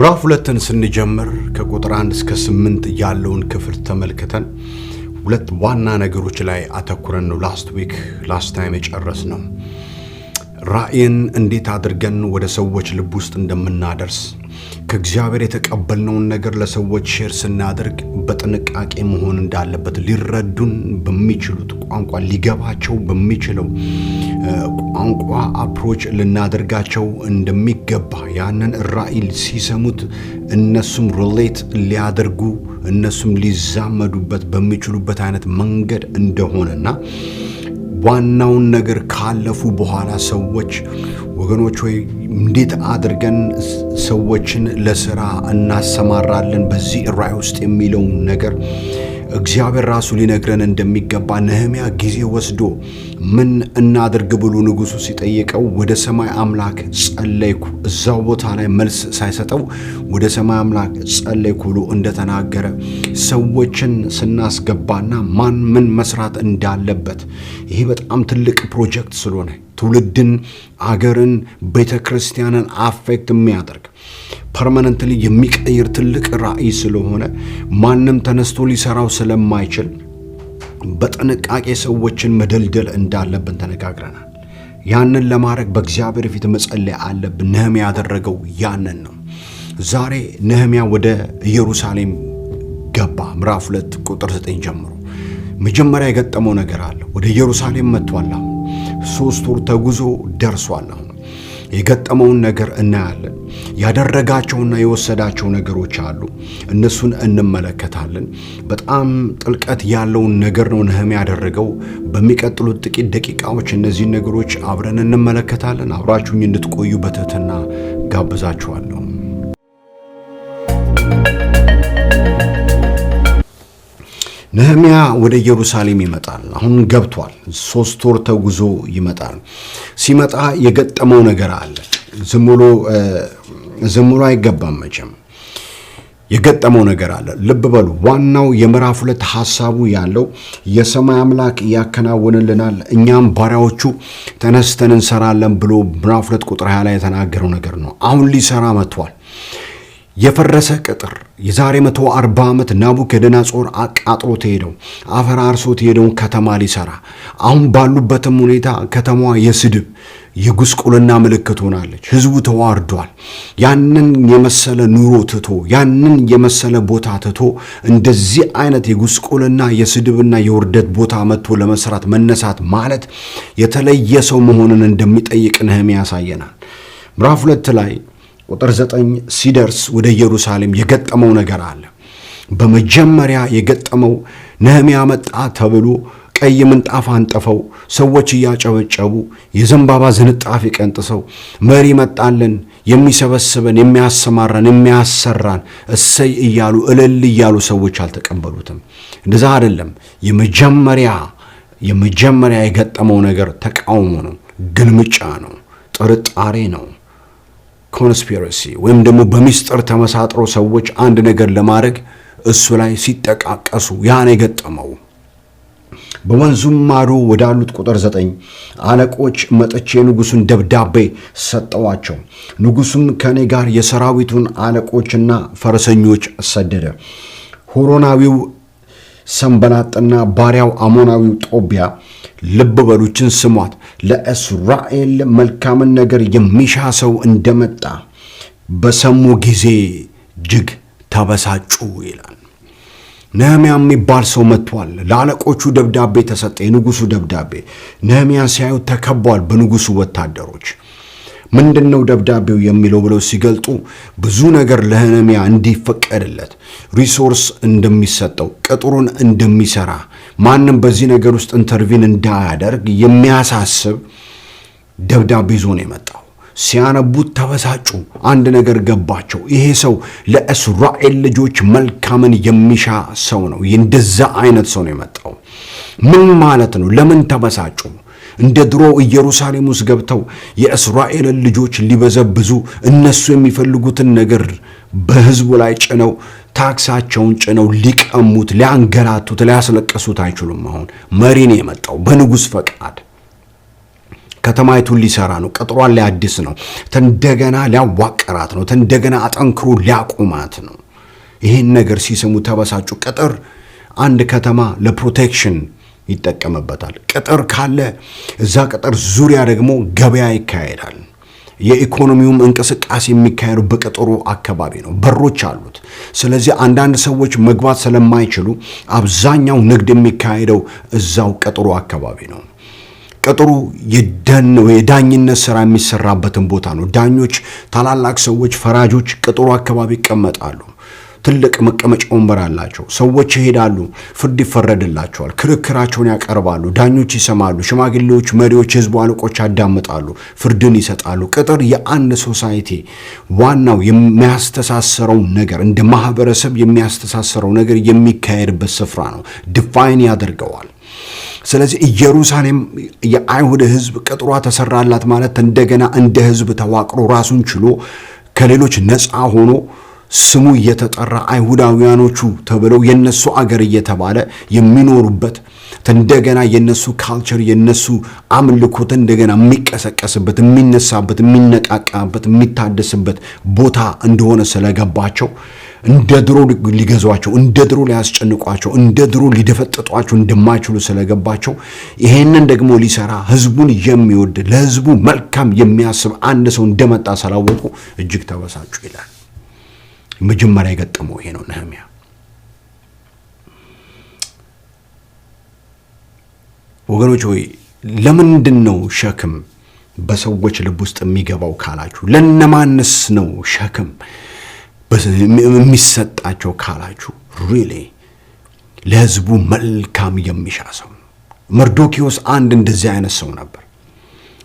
ምዕራፍ ሁለትን ስንጀምር ከቁጥር አንድ እስከ ስምንት ያለውን ክፍል ተመልክተን ሁለት ዋና ነገሮች ላይ አተኩረን ነው ላስት ዊክ ላስት ታይም የጨረስ ነው። ራእይን እንዴት አድርገን ወደ ሰዎች ልብ ውስጥ እንደምናደርስ ከእግዚአብሔር የተቀበልነውን ነገር ለሰዎች ሼር ስናደርግ በጥንቃቄ መሆን እንዳለበት ሊረዱን በሚችሉት ቋንቋ ሊገባቸው በሚችለው ቋንቋ አፕሮች ልናደርጋቸው እንደሚገባ ያንን ራዕይ ሲሰሙት እነሱም ሪሌት ሊያደርጉ እነሱም ሊዛመዱበት በሚችሉበት አይነት መንገድ እንደሆነና ዋናውን ነገር ካለፉ በኋላ ሰዎች ወገኖች ወይ እንዴት አድርገን ሰዎችን ለስራ እናሰማራለን በዚህ ራዕይ ውስጥ የሚለውን ነገር እግዚአብሔር ራሱ ሊነግረን እንደሚገባ ነህሚያ ጊዜ ወስዶ ምን እናድርግ ብሎ ንጉሱ ሲጠይቀው ወደ ሰማይ አምላክ ጸለይኩ፣ እዛው ቦታ ላይ መልስ ሳይሰጠው ወደ ሰማይ አምላክ ጸለይኩ ብሎ እንደተናገረ ሰዎችን ስናስገባና ማን ምን መስራት እንዳለበት ይሄ በጣም ትልቅ ፕሮጀክት ስለሆነ ትውልድን፣ አገርን፣ ቤተ ክርስቲያንን አፌክት የሚያደርግ ፐርማነንትሊ የሚቀይር ትልቅ ራዕይ ስለሆነ ማንም ተነስቶ ሊሰራው ስለማይችል በጥንቃቄ ሰዎችን መደልደል እንዳለብን ተነጋግረናል። ያንን ለማድረግ በእግዚአብሔር ፊት መጸለይ አለብን። ነህምያ ያደረገው ያንን ነው። ዛሬ ነህምያ ወደ ኢየሩሳሌም ገባ። ምዕራፍ ሁለት ቁጥር ዘጠኝ ጀምሮ መጀመሪያ የገጠመው ነገር አለ። ወደ ኢየሩሳሌም መጥቷል። ሶስት ወር ተጉዞ ደርሷል። አሁን የገጠመውን ነገር እናያለን። ያደረጋቸውና የወሰዳቸው ነገሮች አሉ። እነሱን እንመለከታለን። በጣም ጥልቀት ያለውን ነገር ነው ነህም ያደረገው። በሚቀጥሉት ጥቂት ደቂቃዎች እነዚህን ነገሮች አብረን እንመለከታለን። አብራችሁኝ እንድትቆዩ በትህትና ጋብዛችኋለሁ። ነህሚያ ወደ ኢየሩሳሌም ይመጣል። አሁን ገብቷል። ሶስት ወር ተጉዞ ይመጣል። ሲመጣ የገጠመው ነገር አለ። ዝም ብሎ አይገባም መቼም የገጠመው ነገር አለ። ልብ በሉ። ዋናው የምዕራፍ ሁለት ሀሳቡ ያለው የሰማይ አምላክ ያከናውንልናል፣ እኛም ባሪያዎቹ ተነስተን እንሰራለን ብሎ ምዕራፍ ሁለት ቁጥር 20 ላይ የተናገረው ነገር ነው። አሁን ሊሰራ መጥቷል። የፈረሰ ቅጥር የዛሬ 140 ዓመት ናቡከደነጾር አቃጥሎት ሄደው አፈራርሶት ሄደውን ከተማ ሊሰራ አሁን ባሉበትም ሁኔታ ከተማዋ የስድብ የጉስቁልና ምልክት ሆናለች። ህዝቡ ተዋርዷል። ያንን የመሰለ ኑሮ ትቶ ያንን የመሰለ ቦታ ትቶ እንደዚህ አይነት የጉስቁልና የስድብና የውርደት ቦታ መጥቶ ለመስራት መነሳት ማለት የተለየ ሰው መሆንን እንደሚጠይቅ ነህምያ ያሳየናል። ምዕራፍ ሁለት ላይ ቁጥር ዘጠኝ ሲደርስ ወደ ኢየሩሳሌም የገጠመው ነገር አለ። በመጀመሪያ የገጠመው ነህሚያ መጣ ተብሎ ቀይ ምንጣፍ አንጥፈው ሰዎች እያጨበጨቡ የዘንባባ ዝንጣፊ ቀንጥሰው መሪ መጣለን የሚሰበስበን የሚያሰማራን የሚያሰራን እሰይ እያሉ እልል እያሉ ሰዎች አልተቀበሉትም። እንደዛ አይደለም። የመጀመሪያ የመጀመሪያ የገጠመው ነገር ተቃውሞ ነው፣ ግልምጫ ነው፣ ጥርጣሬ ነው። ኮንስፒረሲ ወይም ደግሞ በሚስጥር ተመሳጥሮ ሰዎች አንድ ነገር ለማድረግ እሱ ላይ ሲጠቃቀሱ ያን የገጠመው በወንዙም ማዶ ወዳሉት ቁጥር ዘጠኝ አለቆች መጥቼ የንጉሱን ደብዳቤ ሰጠዋቸው። ንጉሱም ከእኔ ጋር የሰራዊቱን አለቆችና ፈረሰኞች ሰደደ። ሆሮናዊው ሰንበናጥና ባሪያው አሞናዊው ጦቢያ ልብ በሉችን ስሟት። ለእስራኤል መልካምን ነገር የሚሻ ሰው እንደመጣ በሰሙ ጊዜ እጅግ ተበሳጩ ይላል። ነህሚያ የሚባል ሰው መጥቷል። ለአለቆቹ ደብዳቤ ተሰጠ፣ የንጉሱ ደብዳቤ። ነህሚያን ሲያዩ ተከቧል በንጉሱ ወታደሮች። ምንድን ነው ደብዳቤው የሚለው ብለው ሲገልጡ ብዙ ነገር ለህነሚያ እንዲፈቀድለት ሪሶርስ እንደሚሰጠው ቅጥሩን እንደሚሰራ ማንም በዚህ ነገር ውስጥ ኢንተርቪን እንዳያደርግ የሚያሳስብ ደብዳቤ ይዞ ነው የመጣው። ሲያነቡት ተበሳጩ። አንድ ነገር ገባቸው። ይሄ ሰው ለእስራኤል ልጆች መልካምን የሚሻ ሰው ነው። እንደዛ አይነት ሰው ነው የመጣው። ምን ማለት ነው? ለምን ተበሳጩ? እንደ ድሮ ኢየሩሳሌም ውስጥ ገብተው የእስራኤልን ልጆች ሊበዘብዙ እነሱ የሚፈልጉትን ነገር በህዝቡ ላይ ጭነው ታክሳቸውን ጭነው ሊቀሙት፣ ሊያንገላቱት፣ ሊያስለቀሱት አይችሉም። አሁን መሪ ነው የመጣው በንጉሥ ፈቃድ ከተማይቱን ሊሰራ ነው። ቅጥሯን ሊያድስ ነው። ተንደገና ሊያዋቅራት ነው። ተንደገና አጠንክሮ ሊያቁማት ነው። ይህን ነገር ሲሰሙ ተበሳጩ። ቅጥር አንድ ከተማ ለፕሮቴክሽን ይጠቀምበታል። ቅጥር ካለ እዛ ቅጥር ዙሪያ ደግሞ ገበያ ይካሄዳል። የኢኮኖሚውም እንቅስቃሴ የሚካሄደው በቅጥሩ አካባቢ ነው። በሮች አሉት። ስለዚህ አንዳንድ ሰዎች መግባት ስለማይችሉ አብዛኛው ንግድ የሚካሄደው እዛው ቅጥሩ አካባቢ ነው። ቅጥሩ የዳኝነት ስራ የሚሰራበትን ቦታ ነው። ዳኞች፣ ታላላቅ ሰዎች፣ ፈራጆች ቅጥሩ አካባቢ ይቀመጣሉ። ትልቅ መቀመጫ ወንበር አላቸው። ሰዎች ይሄዳሉ፣ ፍርድ ይፈረድላቸዋል፣ ክርክራቸውን ያቀርባሉ፣ ዳኞች ይሰማሉ፣ ሽማግሌዎች፣ መሪዎች፣ የህዝቡ አለቆች ያዳምጣሉ፣ ፍርድን ይሰጣሉ። ቅጥር የአንድ ሶሳይቲ ዋናው የሚያስተሳሰረው ነገር እንደ ማህበረሰብ የሚያስተሳሰረው ነገር የሚካሄድበት ስፍራ ነው። ዲፋይን ያደርገዋል። ስለዚህ ኢየሩሳሌም የአይሁድ ህዝብ ቅጥሯ ተሰራላት ማለት እንደገና እንደ ህዝብ ተዋቅሮ ራሱን ችሎ ከሌሎች ነፃ ሆኖ ስሙ እየተጠራ አይሁዳውያኖቹ ተብለው የነሱ አገር እየተባለ የሚኖሩበት እንደገና የነሱ ካልቸር የነሱ አምልኮት እንደገና የሚቀሰቀስበት የሚነሳበት የሚነቃቃበት የሚታደስበት ቦታ እንደሆነ ስለገባቸው እንደ ድሮ ሊገዟቸው እንደ ድሮ ሊያስጨንቋቸው እንደ ድሮ ሊደፈጥጧቸው እንደማይችሉ ስለገባቸው ይሄንን ደግሞ ሊሰራ ህዝቡን የሚወድ ለህዝቡ መልካም የሚያስብ አንድ ሰው እንደመጣ ስላወቁ እጅግ ተበሳጩ ይላል። መጀመሪያ የገጠመው ይሄ ነው ነህሚያ ወገኖች ሆይ ለምንድን ነው ሸክም በሰዎች ልብ ውስጥ የሚገባው ካላችሁ፣ ለነማንስ ነው ሸክም የሚሰጣቸው ካላችሁ፣ ሪሊ ለህዝቡ መልካም የሚሻ ሰው ነው። መርዶኪዎስ አንድ እንደዚህ አይነት ሰው ነበር።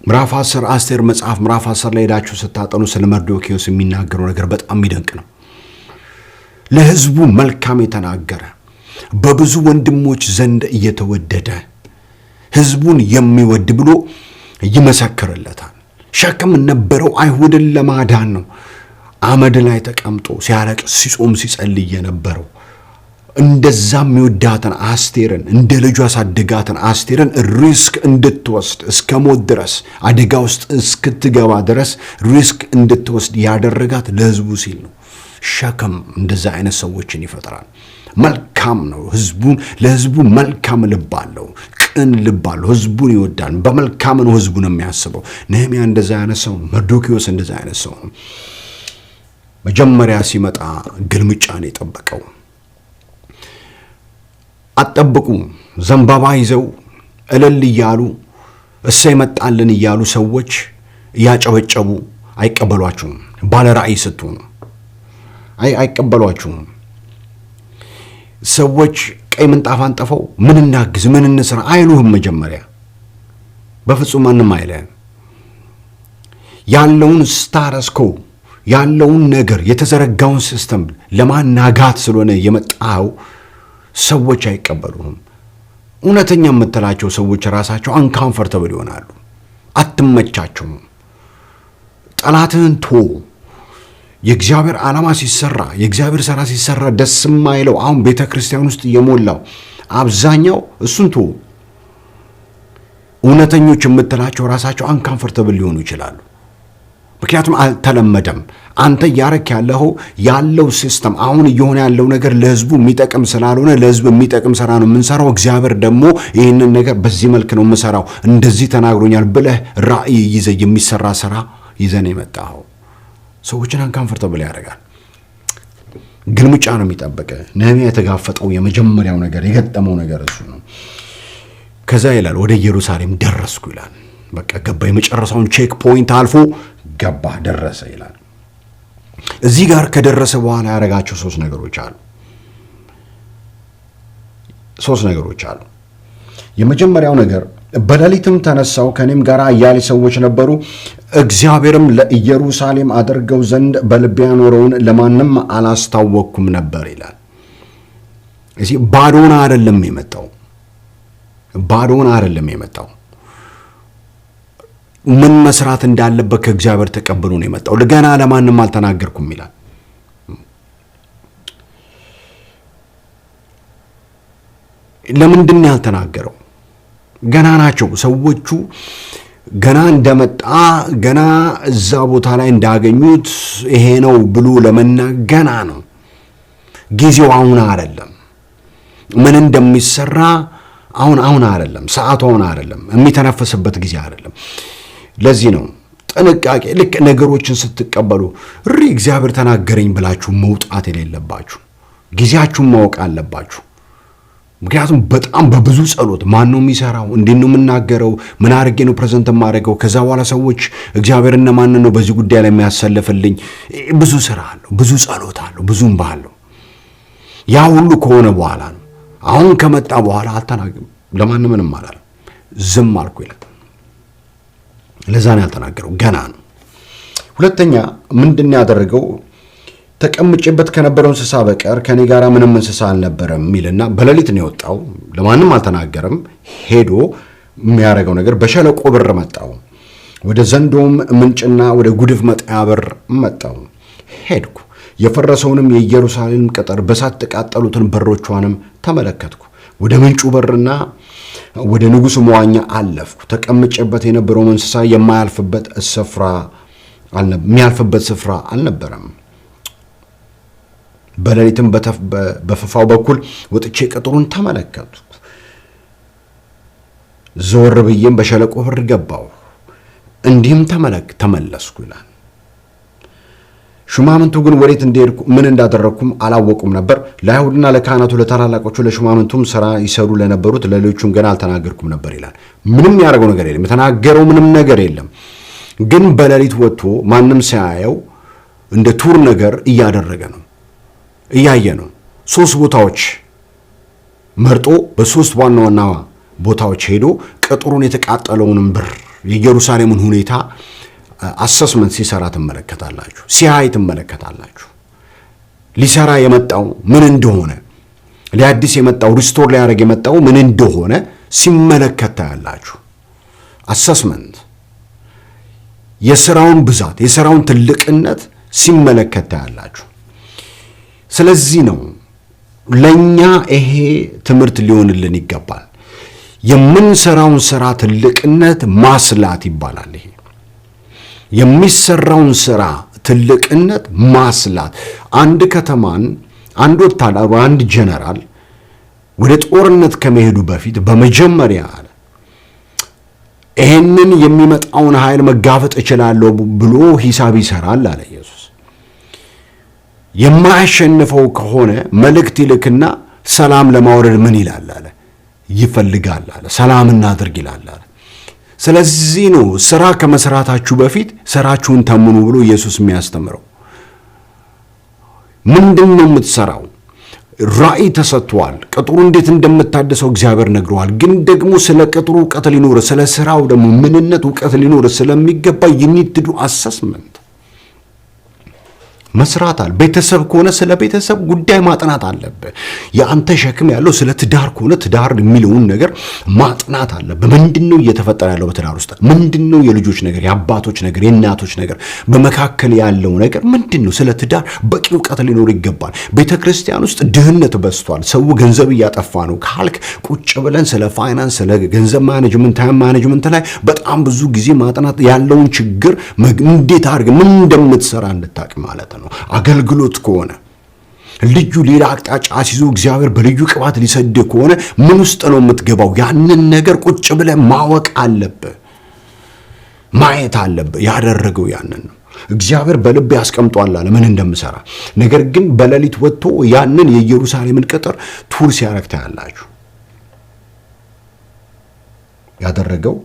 ምራፍ 10 አስቴር መጽሐፍ ምራፍ 10 ላይ ሄዳችሁ ስታጠኑ ስለ መርዶኪዎስ የሚናገረው ነገር በጣም የሚደንቅ ነው። ለህዝቡ መልካም የተናገረ በብዙ ወንድሞች ዘንድ እየተወደደ ህዝቡን የሚወድ ብሎ ይመሰክርለታል። ሸክም ነበረው፣ አይሁድን ለማዳን ነው። አመድ ላይ ተቀምጦ ሲያረቅ ሲጾም፣ ሲጸልይ የነበረው እንደዛ የሚወዳትን አስቴርን እንደ ልጁ አሳድጋትን አስቴርን ሪስክ እንድትወስድ እስከ ሞት ድረስ አደጋ ውስጥ እስክትገባ ድረስ ሪስክ እንድትወስድ ያደረጋት ለህዝቡ ሲል ነው። ሸክም እንደዛ አይነት ሰዎችን ይፈጥራል። መልካም ነው። ህዝቡን ለህዝቡ መልካም ልብ አለው፣ ቅን ልብ አለው። ህዝቡን ይወዳል። በመልካም ነው ህዝቡን የሚያስበው። ነህሚያ እንደዛ አይነት ሰው፣ መርዶኪዎስ እንደዛ አይነት ሰው ነው። መጀመሪያ ሲመጣ ግልምጫን የጠበቀው አጠብቁ ዘንባባ ይዘው እልል እያሉ እሰይ ይመጣልን እያሉ ሰዎች እያጨበጨቡ አይቀበሏችሁም። ባለ ራእይ ስትሆኑ አይቀበሏችሁም። ሰዎች ቀይ ምንጣፍ አንጥፈው ምን እናግዝ ምን እንስራ አይሉህም። መጀመሪያ በፍጹም ማንም አይለ ያለውን ስታረስኮ ያለውን ነገር የተዘረጋውን ሲስተም ለማናጋት ስለሆነ የመጣው ሰዎች አይቀበሉህም። እውነተኛ የምትላቸው ሰዎች ራሳቸው አንካንፈርተብል ይሆናሉ። አትመቻቸውም። ጠላትህን ቶ የእግዚአብሔር ዓላማ ሲሰራ የእግዚአብሔር ሥራ ሲሰራ ደስ የማይለው አሁን ቤተ ክርስቲያን ውስጥ የሞላው አብዛኛው እሱን ትሁ እውነተኞች የምትላቸው ራሳቸው አንካንፈርተብል ሊሆኑ ይችላሉ። ምክንያቱም አልተለመደም። አንተ እያረክ ያለው ያለው ሲስተም አሁን እየሆነ ያለው ነገር ለህዝቡ የሚጠቅም ስላልሆነ ለህዝብ የሚጠቅም ስራ ነው የምንሰራው። እግዚአብሔር ደግሞ ይህንን ነገር በዚህ መልክ ነው የምሰራው፣ እንደዚህ ተናግሮኛል ብለህ ራእይ ይዘህ የሚሰራ ስራ ይዘን የመጣኸው። ሰዎችን አንካንፈርተብል ያደርጋል። ግልሙጫ ነው የሚጠበቀ። ነህምያ የተጋፈጠው የመጀመሪያው ነገር የገጠመው ነገር እሱ ነው። ከዛ ይላል ወደ ኢየሩሳሌም ደረስኩ ይላል። በቃ ገባ። የመጨረሻውን ቼክ ፖይንት አልፎ ገባ፣ ደረሰ ይላል። እዚህ ጋር ከደረሰ በኋላ ያደረጋቸው ሶስት ነገሮች አሉ። ሶስት ነገሮች አሉ። የመጀመሪያው ነገር በሌሊትም ተነሳው ከኔም ጋር አያሌ ሰዎች ነበሩ። እግዚአብሔርም ለኢየሩሳሌም አድርገው ዘንድ በልቤ ያኖረውን ለማንም አላስታወቅኩም ነበር ይላል። እዚህ ባዶን አይደለም የመጣው ባዶን አይደለም የመጣው ምን መስራት እንዳለበት ከእግዚአብሔር ተቀብሎ ነው የመጣው። ገና ለማንም አልተናገርኩም ይላል። ለምንድን ያልተናገረው? ገና ናቸው ሰዎቹ ገና እንደመጣ ገና እዛ ቦታ ላይ እንዳገኙት ይሄ ነው ብሎ ለመና ገና ነው። ጊዜው አሁን አይደለም። ምን እንደሚሰራ አሁን አሁን አይደለም። ሰዓቱ አሁን አይደለም። የሚተነፈስበት ጊዜ አይደለም። ለዚህ ነው ጥንቃቄ፣ ልክ ነገሮችን ስትቀበሉ እሪ እግዚአብሔር ተናገረኝ ብላችሁ መውጣት የሌለባችሁ ጊዜያችሁን ማወቅ አለባችሁ። ምክንያቱም በጣም በብዙ ጸሎት ማን ነው የሚሰራው? እንዴት ነው የምናገረው? ምን አድርጌ ነው ፕሬዘንት የማደርገው? ከዛ በኋላ ሰዎች እግዚአብሔር እነማንን ነው በዚህ ጉዳይ ላይ የሚያሰልፍልኝ? ብዙ ስራ አለው፣ ብዙ ጸሎት አለው፣ ብዙ እምባ አለው። ያ ሁሉ ከሆነ በኋላ ነው አሁን ከመጣ በኋላ አልተናገርም፣ ለማንም ምንም አላለም፣ ዝም አልኩ ይላል። ለዛ ነው ያልተናገረው፣ ገና ነው። ሁለተኛ ምንድን ያደረገው ተቀምጬበት ከነበረው እንስሳ በቀር ከኔ ጋር ምንም እንስሳ አልነበረም የሚልና በሌሊት ነው የወጣው። ለማንም አልተናገረም። ሄዶ የሚያደርገው ነገር በሸለቆ በር መጣው። ወደ ዘንዶም ምንጭና ወደ ጉድፍ መጣያ በር መጣው። ሄድኩ። የፈረሰውንም የኢየሩሳሌም ቅጥር በሳት ተቃጠሉትን በሮቿንም ተመለከትኩ። ወደ ምንጩ በርና ወደ ንጉሱ መዋኛ አለፍኩ። ተቀምጬበት የነበረው እንስሳ የማያልፍበት ስፍራ የሚያልፍበት ስፍራ አልነበረም። በሌሊትም በፈፋው በኩል ወጥቼ ቅጥሩን ተመለከቱ። ዞር ብዬም በሸለቆ በር ገባሁ፣ እንዲህም ተመለክ ተመለስኩ ይላል። ሹማምንቱ ግን ወዴት እንደሄድኩ ምን እንዳደረግኩም አላወቁም ነበር። ለአይሁድና ለካህናቱ ለታላላቆቹ፣ ለሹማምንቱም ስራ ይሰሩ ለነበሩት ለሌሎቹም ገና አልተናገርኩም ነበር ይላል። ምንም ያደርገው ነገር የለም፣ የተናገረው ምንም ነገር የለም። ግን በሌሊት ወጥቶ ማንም ሳያየው እንደ ቱር ነገር እያደረገ ነው። እያየ ነው። ሶስት ቦታዎች መርጦ በሶስት ዋና ዋና ቦታዎች ሄዶ ቅጥሩን የተቃጠለውንም ብር የኢየሩሳሌምን ሁኔታ አሰስመንት ሲሰራ ትመለከታላችሁ፣ ሲያይ ትመለከታላችሁ። ሊሰራ የመጣው ምን እንደሆነ ሊአዲስ የመጣው ሪስቶር ሊያደርግ የመጣው ምን እንደሆነ ሲመለከት ታያላችሁ። አሰስመንት የስራውን ብዛት የስራውን ትልቅነት ሲመለከት ታያላችሁ። ስለዚህ ነው ለእኛ ይሄ ትምህርት ሊሆንልን ይገባል። የምንሰራውን ስራ ትልቅነት ማስላት ይባላል። ይሄ የሚሰራውን ስራ ትልቅነት ማስላት አንድ ከተማን አንድ ወታደር፣ አንድ ጀነራል ወደ ጦርነት ከመሄዱ በፊት በመጀመሪያ ይህንን የሚመጣውን ኃይል መጋፈጥ እችላለሁ ብሎ ሂሳብ ይሰራል አለ ኢየሱስ። የማያሸንፈው ከሆነ መልእክት ይልክና ሰላም ለማውረድ ምን ይላል አለ ይፈልጋል አለ ሰላም እናድርግ ይላል አለ። ስለዚህ ነው ስራ ከመስራታችሁ በፊት ስራችሁን ተምኑ ብሎ ኢየሱስ የሚያስተምረው። ምንድን ነው የምትሰራው? ራእይ ተሰጥቷል። ቅጥሩ እንዴት እንደምታደሰው እግዚአብሔር ነግረዋል። ግን ደግሞ ስለ ቅጥሩ እውቀት ሊኖር፣ ስለ ስራው ደግሞ ምንነት እውቀት ሊኖር ስለሚገባ ዩኒትዱ አሰስመንት መስራት አለ። ቤተሰብ ከሆነ ስለ ቤተሰብ ጉዳይ ማጥናት አለብህ። የአንተ ሸክም ያለው ስለ ትዳር ከሆነ ትዳር የሚለውን ነገር ማጥናት አለብህ። ምንድን ነው እየተፈጠረ ያለው በትዳር ውስጥ? ምንድን ነው የልጆች ነገር፣ የአባቶች ነገር፣ የእናቶች ነገር፣ በመካከል ያለው ነገር ምንድን ነው? ስለ ትዳር በቂ እውቀት ሊኖር ይገባል። ቤተ ክርስቲያን ውስጥ ድህነት በዝቷል። ሰው ገንዘብ እያጠፋ ነው ካልክ ቁጭ ብለን ስለ ፋይናንስ፣ ስለ ገንዘብ ማኔጅመንት፣ ታይም ማኔጅመንት ላይ በጣም ብዙ ጊዜ ማጥናት ያለውን ችግር እንዴት አድርገህ ምን እንደምትሰራ እንድታውቅ ማለት ነው። ነው። አገልግሎት ከሆነ ልዩ ሌላ አቅጣጫ አስይዞ እግዚአብሔር በልዩ ቅባት ሊሰድ ከሆነ ምን ውስጥ ነው የምትገባው? ያንን ነገር ቁጭ ብለህ ማወቅ አለብህ፣ ማየት አለብህ። ያደረገው ያንን ነው። እግዚአብሔር በልብ ያስቀምጧል አለ ምን እንደምሰራ። ነገር ግን በሌሊት ወጥቶ ያንን የኢየሩሳሌምን ቅጥር ቱር ሲያረግ ታያላችሁ። ያደረገው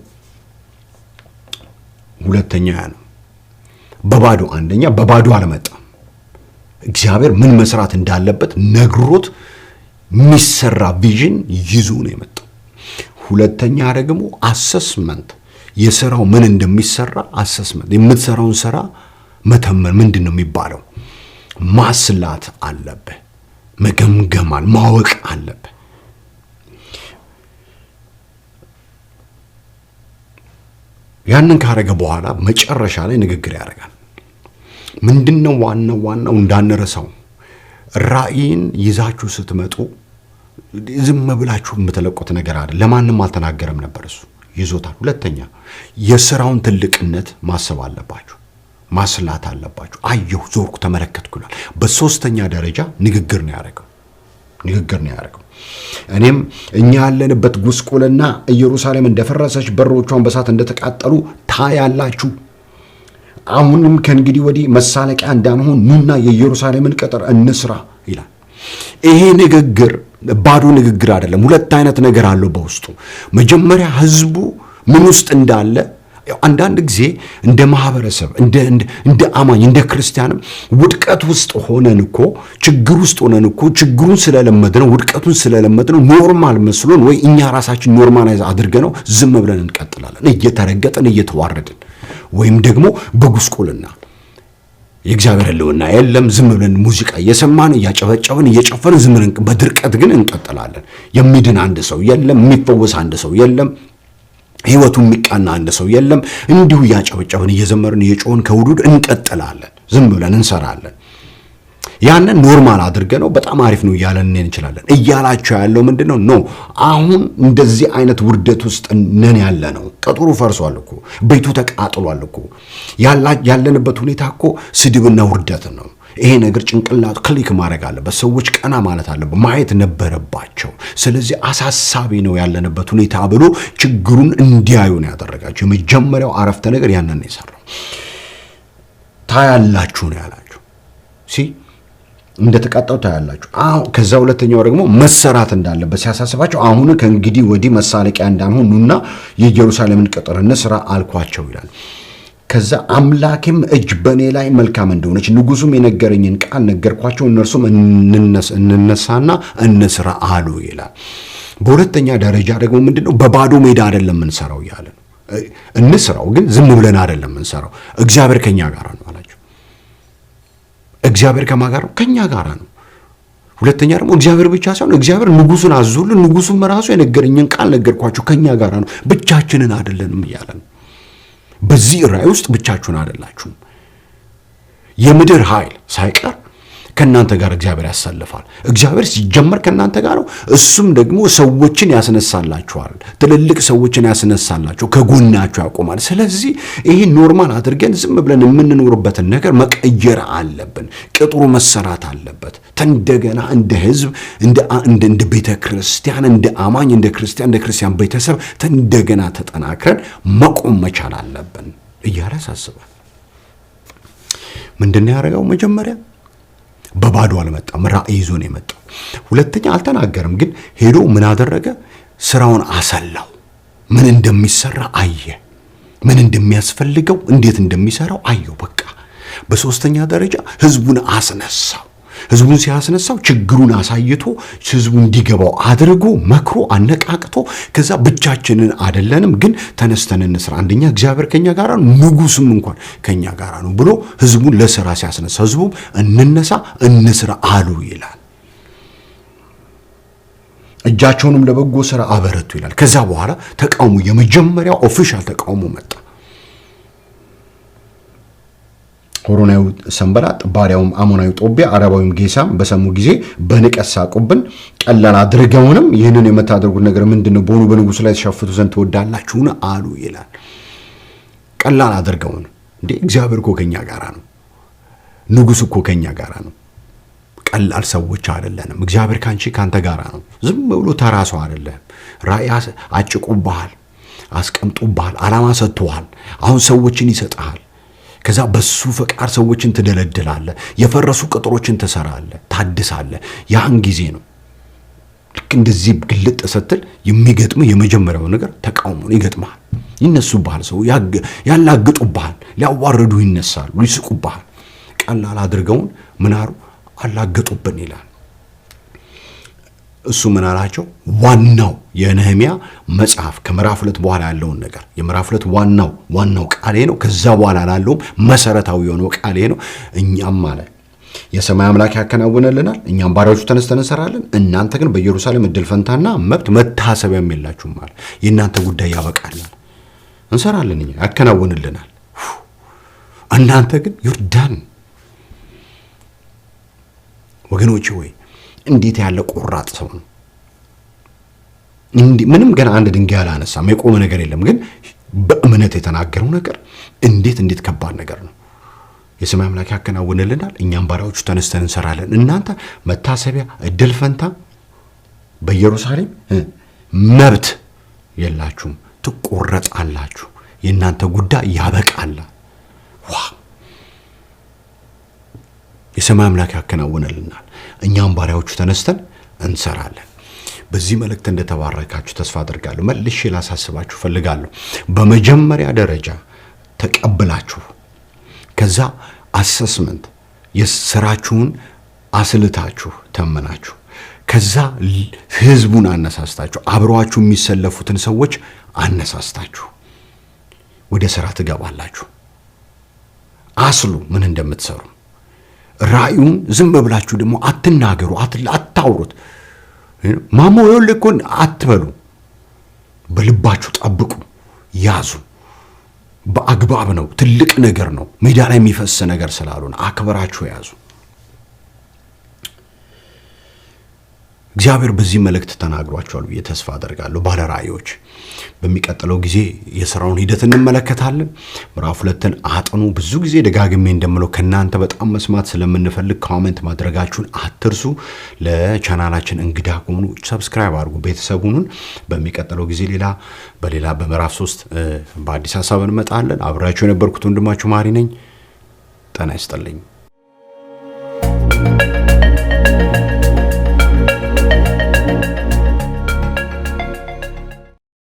ሁለተኛ ያ ነው። በባዶ አንደኛ በባዶ አልመጣም። እግዚአብሔር ምን መስራት እንዳለበት ነግሮት የሚሰራ ቪዥን ይዞ ነው የመጣው። ሁለተኛ ደግሞ አሰስመንት፣ የስራው ምን እንደሚሰራ አሰስመንት፣ የምትሰራውን ስራ መተመን ምንድን ነው የሚባለው? ማስላት አለብህ፣ መገምገማል ማወቅ አለብህ። ያንን ካረገ በኋላ መጨረሻ ላይ ንግግር ያደርጋል። ምንድነው ዋናው ዋናው እንዳንረሳው ራእይን ይዛችሁ ስትመጡ ዝም ብላችሁ የምትለቁት ነገር አለ። ለማንም አልተናገረም ነበር እሱ ይዞታል። ሁለተኛ የስራውን ትልቅነት ማሰብ አለባችሁ፣ ማስላት አለባችሁ። አየሁ፣ ዞርኩ፣ ተመለከትኩ ይላል። በሶስተኛ ደረጃ ንግግር ነው ያደረገው። ንግግር ነው ያደረገው። እኔም እኛ ያለንበት ጉስቁልና ኢየሩሳሌም እንደፈረሰች በሮቿን በሳት እንደተቃጠሉ ታያላችሁ አሁንም ከእንግዲህ ወዲህ መሳለቂያ እንዳንሆን ኑና የኢየሩሳሌምን ቅጥር እንስራ ይላል። ይሄ ንግግር ባዶ ንግግር አይደለም። ሁለት አይነት ነገር አለው በውስጡ። መጀመሪያ ህዝቡ ምን ውስጥ እንዳለ አንዳንድ ጊዜ እንደ ማህበረሰብ እንደ አማኝ እንደ ክርስቲያንም ውድቀት ውስጥ ሆነን እኮ ችግር ውስጥ ሆነን እኮ ችግሩን ስለለመድነው ውድቀቱን ስለለመድነው ኖርማል መስሎን ወይ እኛ ራሳችን ኖርማላይዝ አድርገነው ዝም ብለን እንቀጥላለን፣ እየተረገጥን እየተዋረድን ወይም ደግሞ በጉስቁልና የእግዚአብሔር ሕልውና የለም። ዝም ብለን ሙዚቃ እየሰማን እያጨበጨብን እየጨፈርን ዝም ብለን በድርቀት ግን እንቀጥላለን። የሚድን አንድ ሰው የለም። የሚፈወስ አንድ ሰው የለም። ህይወቱ የሚቃና አንድ ሰው የለም። እንዲሁ እያጨበጨብን እየዘመርን እየጮህን ከውዱድ እንቀጥላለን። ዝም ብለን እንሰራለን። ያንን ኖርማል አድርገ ነው በጣም አሪፍ ነው እያለን እንችላለን። እያላቸው ያለው ምንድን ነው? ኖ አሁን እንደዚህ አይነት ውርደት ውስጥ ነን ያለ ነው። ቅጥሩ ፈርሷል እኮ ቤቱ ተቃጥሏል እኮ ያለንበት ሁኔታ እኮ ስድብና ውርደት ነው። ይሄ ነገር ጭንቅላት ክሊክ ማድረግ አለበት። ሰዎች ቀና ማለት አለበት፣ ማየት ነበረባቸው። ስለዚህ አሳሳቢ ነው ያለንበት ሁኔታ ብሎ ችግሩን እንዲያዩ ነው ያደረጋቸው። የመጀመሪያው አረፍተ ነገር ያንን የሰራው። ታያላችሁ ነው ያላችሁ ሲ እንደተቃጣው ታያላችሁ። ከዛ ሁለተኛው ደግሞ መሰራት እንዳለበት ሲያሳስባቸው አሁን ከእንግዲህ ወዲህ መሳለቂያ ኑና የኢየሩሳሌምን ቅጥር እንስራ አልኳቸው ይላል። ከዛ አምላኬም እጅ በእኔ ላይ መልካም እንደሆነች ንጉሱም የነገረኝን ቃል ነገርኳቸው፣ እነርሱም እንነሳና እንስራ አሉ ይላል። በሁለተኛ ደረጃ ደግሞ ምንድነው በባዶ ሜዳ አይደለም የምንሰራው እያለ ነው። እንስራው ግን ዝም ብለን አይደለም የምንሰራው፣ እግዚአብሔር ከኛ ጋር ነው። እግዚአብሔር ከማ ጋር ነው? ከእኛ ጋር ነው። ሁለተኛ ደግሞ እግዚአብሔር ብቻ ሳይሆን እግዚአብሔር ንጉሱን አዞልን፣ ንጉሱም ራሱ የነገረኝን ቃል ነገርኳችሁ፣ ከእኛ ጋር ነው፣ ብቻችንን አይደለንም ነው። በዚህ ራእይ ውስጥ ብቻችሁን አይደላችሁም። የምድር ኃይል ሳይቀር ከእናንተ ጋር እግዚአብሔር ያሳልፋል። እግዚአብሔር ሲጀመር ከእናንተ ጋር ነው። እሱም ደግሞ ሰዎችን ያስነሳላችኋል። ትልልቅ ሰዎችን ያስነሳላችሁ፣ ከጎናቸው ያቆማል። ስለዚህ ይህ ኖርማል አድርገን ዝም ብለን የምንኖርበትን ነገር መቀየር አለብን። ቅጥሩ መሰራት አለበት። እንደገና እንደ ህዝብ፣ እንደ ቤተ ክርስቲያን፣ እንደ አማኝ፣ እንደ ክርስቲያን፣ እንደ ክርስቲያን ቤተሰብ እንደገና ተጠናክረን መቆም መቻል አለብን እያለ ያሳስባል። ምንድን ያደረገው መጀመሪያ በባዶ አልመጣም። ራእይ ይዞ ነው የመጣው። ሁለተኛ አልተናገርም፣ ግን ሄዶ ምን አደረገ? ስራውን አሰላው። ምን እንደሚሰራ አየ። ምን እንደሚያስፈልገው እንዴት እንደሚሰራው አየው። በቃ በሶስተኛ ደረጃ ህዝቡን አስነሳው። ህዝቡን ሲያስነሳው ችግሩን አሳይቶ ህዝቡ እንዲገባው አድርጎ መክሮ አነቃቅቶ ከዛ ብቻችንን አደለንም ግን ተነስተን እንስራ፣ አንደኛ እግዚአብሔር ከኛ ጋር ነው፣ ንጉስም እንኳን ከኛ ጋር ነው ብሎ ህዝቡን ለስራ ሲያስነሳ ህዝቡም እንነሳ እንስራ አሉ ይላል። እጃቸውንም ለበጎ ስራ አበረቱ ይላል። ከዛ በኋላ ተቃውሞ የመጀመሪያው ኦፊሻል ተቃውሞ መጣ። ሆሮናዊ ሰንበላጥ፣ ባሪያውም አሞናዊ ጦቢያ፣ አረባዊም ጌሳም በሰሙ ጊዜ በንቀት ሳቁብን፣ ቀላል አድርገውንም ይህንን የምታደርጉት ነገር ምንድን ነው? በሆኑ በንጉሱ ላይ ተሸፍቱ ዘንድ ትወዳላችሁን? አሉ ይላል። ቀላል አድርገውን እንዴ! እግዚአብሔር እኮ ከኛ ጋራ ነው። ንጉሱ እኮ ከኛ ጋራ ነው። ቀላል ሰዎች አይደለንም። እግዚአብሔር ካንቺ ካንተ ጋራ ነው። ዝም ብሎ ተራ ሰው አይደለም። ራእይ አጭቁብሃል፣ አስቀምጡብሃል፣ አላማ ሰጥቶሃል። አሁን ሰዎችን ይሰጥሃል ከዛ በሱ ፈቃድ ሰዎችን ትደለድላለ፣ የፈረሱ ቅጥሮችን ትሰራለ፣ ታድሳለ። ያን ጊዜ ነው ልክ እንደዚህ ግልጥ ስትል የሚገጥም የመጀመሪያው ነገር ተቃውሞ ይገጥመሃል። ይነሱብሃል፣ ሰው ያላግጡብሃል፣ ሊያዋርዱ ይነሳሉ፣ ሊስቁብሃል። ቀላል አድርገውን ምናሩ አላገጡብን ይላል። እሱ ምን አላቸው? ዋናው የነህሚያ መጽሐፍ ከምዕራፍ ሁለት በኋላ ያለውን ነገር የምዕራፍ ሁለት ዋናው ዋናው ቃሌ ነው። ከዛ በኋላ ላለውም መሰረታዊ የሆነው ቃሌ ነው። እኛም አለ የሰማይ አምላክ ያከናውንልናል፣ እኛም ባሪያዎቹ ተነስተን እንሰራለን። እናንተ ግን በኢየሩሳሌም እድል ፈንታና መብት መታሰቢያም የላችሁም አለ። የእናንተ ጉዳይ ያበቃለን፣ እንሰራለን፣ እኛ ያከናውንልናል። እናንተ ግን ዮርዳን ወገኖች ወይ እንዴት ያለ ቆራጥ ሰው ነው! ምንም ገና አንድ ድንጋይ አላነሳም፣ የቆመ ነገር የለም። ግን በእምነት የተናገረው ነገር እንዴት እንዴት ከባድ ነገር ነው! የሰማይ አምላክ ያከናውንልናል፣ እኛም ባሪያዎቹ ተነስተን እንሰራለን። እናንተ መታሰቢያ፣ እድል ፈንታ በኢየሩሳሌም መብት የላችሁም፣ ትቆረጣላችሁ፣ የእናንተ ጉዳይ ያበቃላ። ዋ የሰማይ አምላክ ያከናውንልናል እኛም ባሪያዎቹ ተነስተን እንሰራለን። በዚህ መልእክት እንደተባረካችሁ ተስፋ አድርጋለሁ። መልሼ ላሳስባችሁ ፈልጋለሁ። በመጀመሪያ ደረጃ ተቀብላችሁ ከዛ አሰስመንት የስራችሁን አስልታችሁ ተመናችሁ ከዛ ህዝቡን አነሳስታችሁ አብረዋችሁ የሚሰለፉትን ሰዎች አነሳስታችሁ ወደ ስራ ትገባላችሁ። አስሉ ምን እንደምትሰሩ ራእዩን ዝም ብላችሁ ደግሞ አትናገሩ፣ አታውሩት። ማሞ ይኸውልህ እኮ አትበሉ። በልባችሁ ጠብቁ፣ ያዙ። በአግባብ ነው። ትልቅ ነገር ነው። ሜዳ ላይ የሚፈስ ነገር ስላልሆነ አክብራችሁ ያዙ። እግዚአብሔር በዚህ መልእክት ተናግሯቸዋል ብዬ ተስፋ አደርጋለሁ። ባለ ራእዮች በሚቀጥለው ጊዜ የስራውን ሂደት እንመለከታለን። ምዕራፍ ሁለትን አጥኑ። ብዙ ጊዜ ደጋግሜ እንደምለው ከእናንተ በጣም መስማት ስለምንፈልግ ኮመንት ማድረጋችሁን አትርሱ። ለቻናላችን እንግዳ ከሆኑ ሰብስክራይብ አድርጉ፣ ቤተሰብ ሁኑን። በሚቀጥለው ጊዜ ሌላ በሌላ በምዕራፍ ሶስት በአዲስ ሀሳብ እንመጣለን። አብራችሁ የነበርኩት ወንድማችሁ ማሪ ነኝ። ጤና ይስጥልኝ።